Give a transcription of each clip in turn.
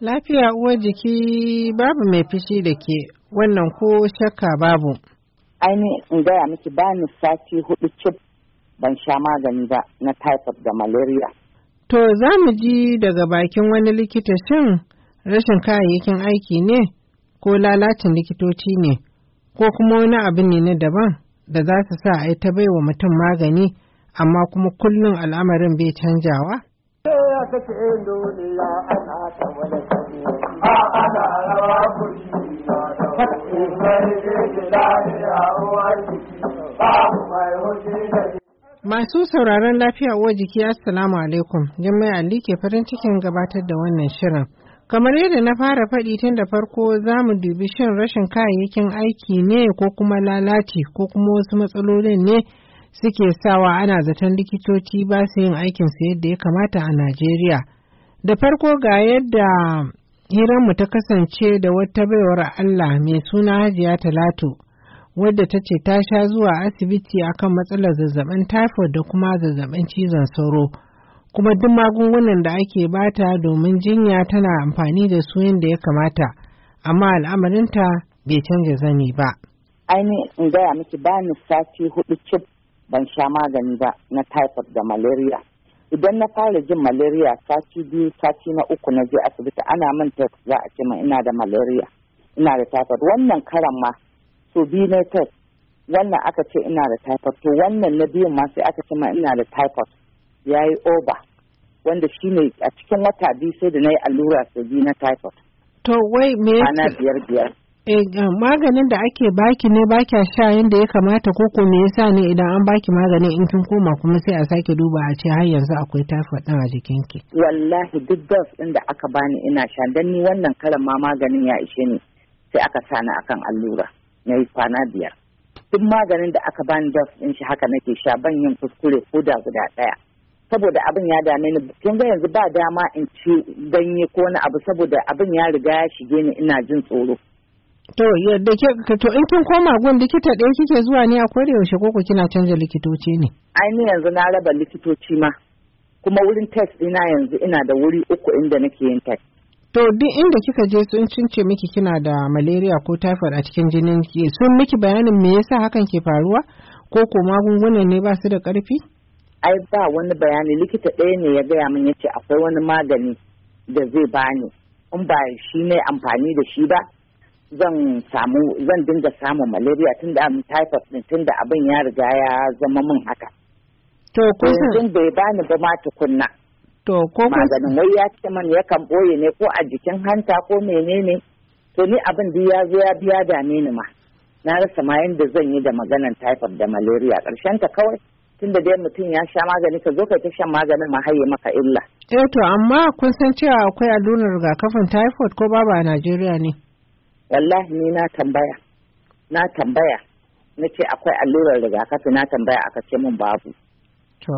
Lafiya uwar jiki babu mai fishi da ke wannan ko shakka babu. Aini in gaya miki bani sati hudu cif ban sha magani ba na typhoid da malaria. To za mu ji daga bakin wani likita shin rashin kayayyakin aiki ne ko lalacin likitoci ne ko kuma wani abu ne na daban? da za su sa a yi ta baiwa mutum magani amma kuma kullum al'amarin bai canjawa? Masu sauraron lafiya uwa jiki Assalamu alaikum, Jummai Ali ke farin cikin gabatar da wannan shirin. Kamar yadda na fara faɗi tun da farko za mu dubi shin rashin kayayyakin aiki ne ko kuma lalaci ko kuma wasu matsalolin ne suke sawa ana zaton likitoci ba su yin aikinsu yadda ya kamata a Najeriya. Da farko ga yadda hiranmu ta kasance da wata baiwar Allah mai suna Hajiya Talatu, wadda ta ce ta sha zuwa asibiti akan matsalar zazzabin typhoid da kuma zazzabin cizon sauro. kuma duk magungunan da ake bata domin jinya tana amfani da su yadda ya kamata amma al'amarinta bai canza zani ba. ainihin in gaya miki ba ni sati hudu cif ban sha magani ba na typhoid da malaria idan na fara jin malaria sati biyu sati na uku na je asibiti ana min test za a ce ma ina da malaria ina da typhoid wannan karan ma so biyu na test wannan aka ce ina da typhoid to wannan na biyun ma sai aka ce ma ina da typhoid ya yi oba wanda shi ne a cikin wata biyu sai da na yi allura sau na typhoid. To wai me Ana biyar biyar. Eh, maganin da ake baki ne baki sha yadda ya kamata ko ko me yasa ne idan an baki maganin in kin koma kuma sai a sake duba a ce har yanzu akwai typhoid ɗin a jikinki. Wallahi duk dos ɗin da aka bani ina sha dan ni wannan karan ma maganin ya ishe ni sai aka sa ni akan allura na yi kwana biyar. Duk maganin da aka bani dos ɗin shi haka nake sha ban yin kuskure ko da guda ɗaya. saboda abin ya dame ni kin ga yanzu ba dama in ci ganye ko wani abu saboda abin ya riga ya shige ni ina jin tsoro to yadda ke to in kin koma gun likita ɗaya kike zuwa ne a koda yaushe ko kina canza likitoci ne ai ni yanzu na raba likitoci ma kuma wurin test ina yanzu ina da wuri uku inda nake yin test To duk inda kika je sun cince miki kina da malaria ko typhoid a cikin jinin sun miki bayanin me yasa hakan ke faruwa ko ko magungunan ne ba su da karfi? ai ba wani bayani likita ɗaya ne ya gaya min yace akwai wani magani da zai bani in ba shi ne amfani da shi ba zan samu zan dinga samun malaria tunda am typhus din tunda abin ya riga ya zama min haka to kun bai bani ba ma tukunna to ko maganin wai ya ce man kan boye ne ko a jikin hanta ko menene to ni abin da ya zo ya biya dame ni ma na rasa ma yanda zan yi da maganan typhoid da malaria karshen ta kawai tunda dai mutum ya sha magani ka zo ka ta shan maganin ma haye maka illa. Eh to amma kun san cewa akwai allurar rigakafin typhoid ko babu a Najeriya ne? Wallahi ni na tambaya. Na tambaya. Na ce akwai allurar rigakafi na tambaya aka ce mun babu. To.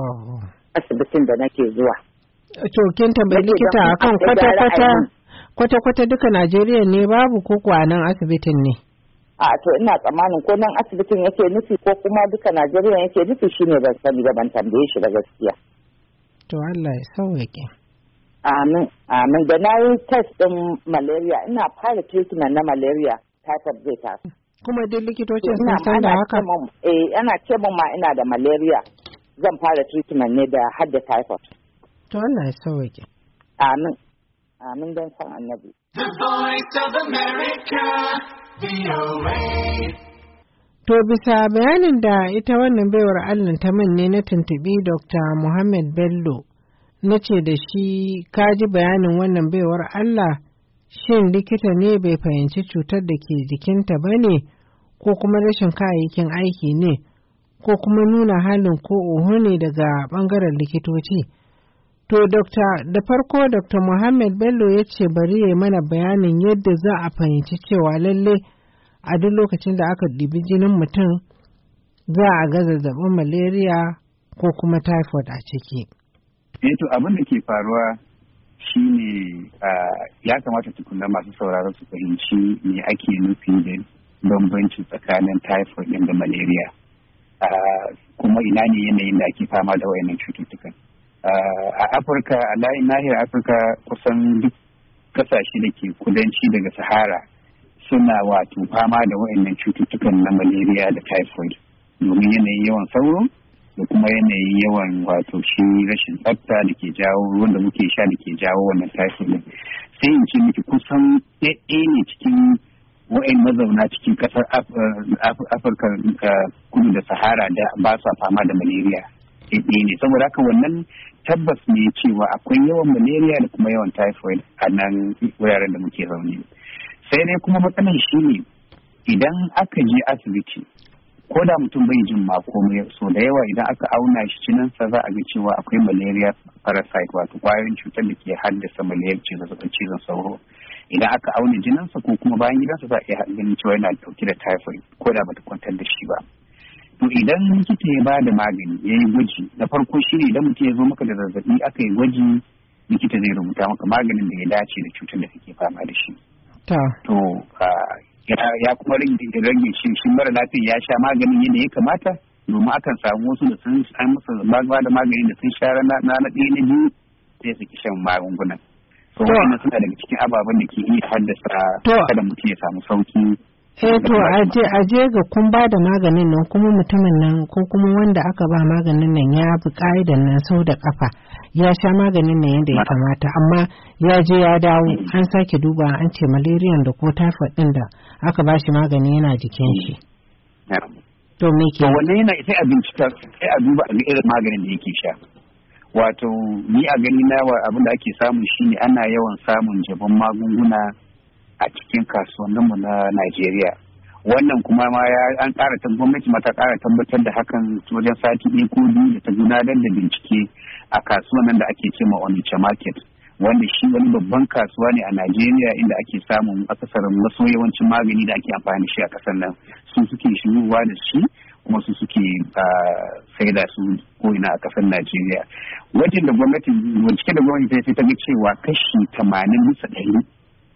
Asibitin da nake zuwa. To kin tambayi likita akan kwata-kwata kwata-kwata duka Najeriya ne babu ko kwanan asibitin ne? a to ina tsammanin ko nan asibitin yake nufi ko kuma duka najeriya yake nufi shine ban sani ba ban tambaye shi da gaskiya to allah ya sauke amin amin da na yi test din malaria ina fara treatment na malaria typhoid zai taso kuma dai likitocin sun san da haka eh ana ce mun ma ina da malaria zan fara treatment ne da hadda typhoid to allah ya sauke amin amin dan san annabi The Voice of America To bisa bayanin da ita wannan baiwar Allah ta manne na tuntubi Dr. Muhammad Bello na ce da shi kaji bayanin wannan baiwar Allah shin likita ne bai fahimci cutar da ke jikinta ba ne ko kuma rashin kayayyakin aiki ne ko kuma nuna halin ko oho ne daga bangaren likitoci. To, Dokta, da farko Dr. Muhammad Bello ya ce bari ya mana bayanin yadda za a fahimci cewa lalle a duk lokacin da aka ɗibi jinin mutum za a ga zazzabin malaria ko kuma typhoid a ciki. Eto eh abin da ke faruwa shi ne ya kamata tukuna masu sauraron su fahimci me ake nufi da bambanci tsakanin typhoid da malaria kuma ina ne yanayin da ake fama da wayannan cututtukan. a afirka a layin nahiyar afirka kusan duk kasashe da ke kudanci daga sahara suna wato fama da wa'annan cututtukan na malaria da typhoid domin yanayin yawan sauro da kuma yanayin yawan wato shi rashin tsafta da ke jawo ruwan da muke sha da ke jawo wannan typhoid sai in ce miki kusan ɗaya ne cikin wa'in mazauna cikin kasar afirka eh, kudu da sahara da ba sa fama da malaria ne saboda haka wannan tabbas ne cewa akwai yawan malaria da kuma yawan typhoid a nan wuraren da muke zaune sai dai kuma matsalar shi ne idan aka je asibiti ko da mutum bai jin ma komai so da yawa idan aka auna shi cinansa za a ga cewa akwai malaria parasite wato kwayoyin cutar da ke haddasa malaria zazzabin cizon sauro idan aka auna jininsa ko kuma bayan gidansa za a iya ganin cewa yana dauke da typhoid ko da bata kwantar da shi ba to idan likita ya ba da magani ya yi gwaji na farko shi ne idan mutum ya zo maka da zazzabi aka yi gwaji likita zai rubuta maka maganin da ya dace da cutar da kake fama da shi to ya kuma rage shi shi mara lafiya ya sha maganin yadda ya kamata domin akan samu wasu da sun an musu ba da maganin da sun sha na na ɗaya na biyu sai su ki shan magungunan to wannan suna daga cikin ababen da ke iya haddasa kada mutum ya samu sauki eh to aje aje ga kun ba da maganin nan kuma mutumin nan ko kuma wanda aka ba maganin nan ya bi ka'idar nan sau da kafa ya sha maganin nan yadda ya kamata amma ya je ya dawo an sake duba an ce malariyan da ko typhoid din da aka ba shi magani yana jikin shi to me ke wannan yana sai a bincika sai a duba irin maganin da yake sha wato ni a gani na abin da ake samu shine ana yawan samun jaban magunguna a cikin kasuwanninmu na Najeriya. Wannan kuma ma ya an ƙara gwamnati ma ƙara tabbatar da hakan wajen sati ɗaya ko biyu da ta gudanar da bincike a nan da ake cema Onitsha Market. Wanda shi wani babban kasuwa ne a Najeriya inda ake samun akasarin maso yawancin magani da ake amfani da shi a ƙasar nan. Su suke shigowa da shi kuma su suke saida su ina a ƙasar Najeriya. Wajen da gwamnati, bincike da gwamnati ta ga cewa kashi tamanin bisa ɗari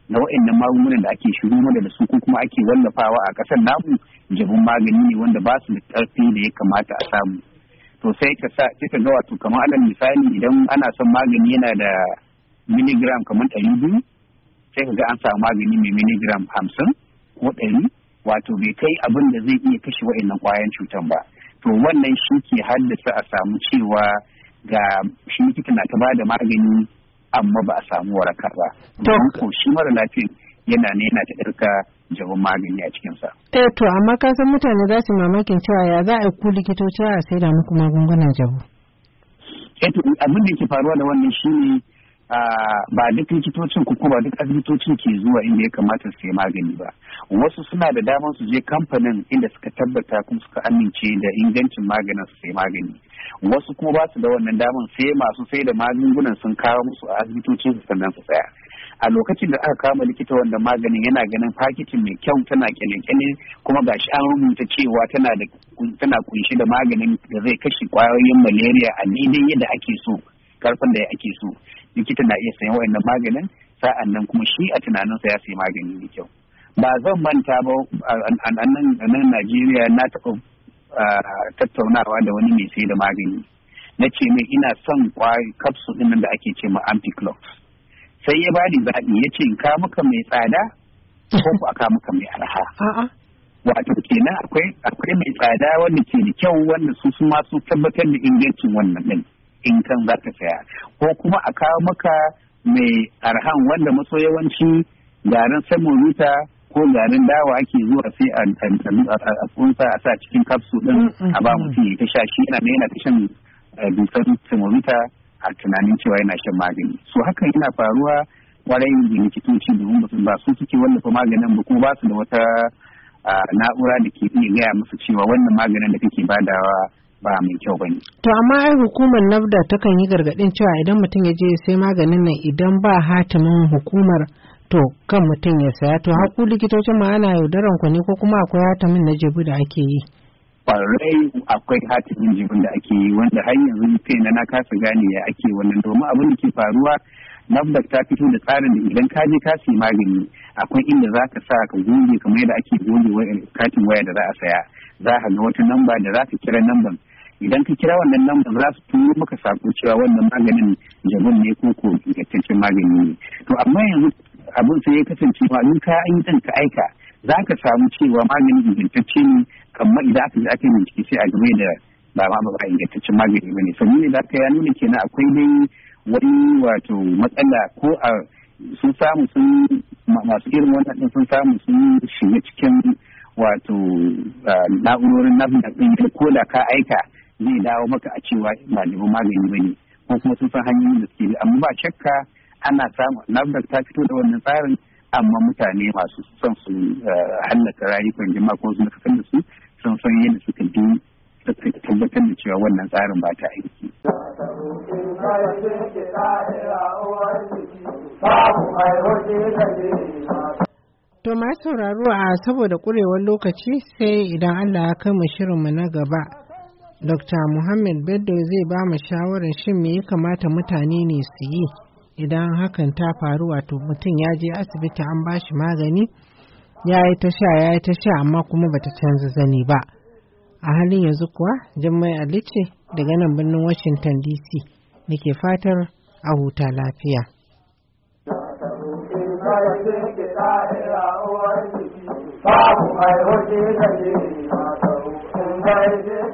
na wa'annan magungunan da ake shiru mana da su ko kuma ake wallafawa a ƙasar namu jabin magani ne wanda ba su da ƙarfi da ya kamata a samu to sai ka sa ga wato kamar alal misali idan ana son magani yana da miligram kamar ɗari biyu sai ka ga an samu magani mai miligram hamsin ko ɗari wato bai kai abin da zai iya kashe wa'annan ƙwayan cutan ba to wannan shi ke haddasa a samu cewa ga shi likita na ta ba da magani amma ba a samu warakar ba. To shi mara lafiyan yana ne yana ta ɗarka jabin magani a cikinsa. Eh to amma ka san mutane za su mamakin cewa ya za a ku likitoci a sai da muku magungunan jabu. Eh to abin da yake faruwa da wannan shi ne. Ah, ba duk likitocin ko ba duk asibitocin ke zuwa inda ya kamata su yi magani ba wasu suna da damar su je kamfanin inda suka tabbata kuma suka amince da ingancin maganin su sai magani wasu kuma ba su da wannan damar sai masu sai da magungunan sun kawo musu a asibitocin su sannan su tsaya a lokacin da aka kama likita wanda maganin yana ganin fakitin mai kyau tana kyalekyale kuma gashi an rubuta cewa tana da tana kunshi da maganin da zai kashe kwayoyin malaria a daidai yadda ake so karfin da ake so likita na iya sayan wa'annan maganin sa'an nan kuma shi a tunaninsa ya sayi magani mai kyau ba zan manta ba a nan najeriya na taɓa tattaunawa da wani mai sai da magani na ce mai ina son kwari kapsul ɗin da ake ce ma ampiclox sai ya bani zaɓi ya ce ka muka mai tsada ko ku aka muka mai arha wato kenan akwai mai tsada wanda ke da kyau wanda su ma su tabbatar da ingancin wannan ɗin in kan za ka saya ko kuma a kawo maka mai arhan wanda maso yawanci garin semolita ko garin dawa ake zuwa sai a kunsa a sa cikin kapsul din a ba mutum ya sha shi yana yana ta shan eh, dusar semolita a tunanin cewa yana shan magani so hakan yana faruwa kwarai da likitoci domin ba su suke wallafa maganin ba kuma ba su da wata ah, na'ura da ke iya gaya musu cewa wannan maganin da kake badawa ba mai kyau ba ne. To amma ai hukumar NAFDA takan yi gargaɗin cewa idan mutum ya je sai maganin nan idan ba hatimin hukumar to kan mutum ya saya to haƙu likitocin ma ana yaudaran ku ne ko kuma akwai hatimin na jibu da ake yi. Kwarai akwai hatimin jibin da ake yi wanda har yanzu kaina na kasa gane ya ake wannan domin abin da ke faruwa NAFDA ta fito da tsarin da idan ka je ka sayi magani akwai inda za ka sa ka goge kamar yadda ake goge katin waya da za a saya za ka ga wata namba da za ka kira namban idan ka kira wannan ba za su turo maka sako cewa wannan maganin jamun ne ko ko ingantaccen magani ne to amma yanzu abin sai ya kasance ba in ka an yi ka aika za ka samu cewa maganin ingantacce ne amma idan aka je aka yi bincike sai a game da ba ma ba ingantaccen magani ba ne sabili da ya nuna kenan akwai dai wani wato matsala ko a sun samu sun masu irin wannan sun samu sun shiga cikin wato ah, na'urorin nafi da ko da ka aika zai dawo maka a cewa ba magani ba ne ko kuma sun san hanyoyin da suke bi amma ba shakka ana samu nafdak ta fito da wannan tsarin amma mutane masu son su eh, hallaka rayukan jama'a ko su nakasar da su sun san yadda suka bi suka tabbatar da cewa wannan tsarin ba ta aiki. To ma sauraro a saboda kurewar lokaci sai idan Allah ya kai mu shirinmu na gaba. Dr. Muhammad beddo zai ba mu shawarar shin me ya kamata mutane ne su yi idan hakan ta faru wato mutum ya je asibiti an ba shi magani ya yi ta sha ya yi ta sha amma kuma bata canza zani ba. A halin yanzu kuwa Jummai Ali ce daga nan birnin Washington DC nake fatar a huta lafiya. Babu waje da ke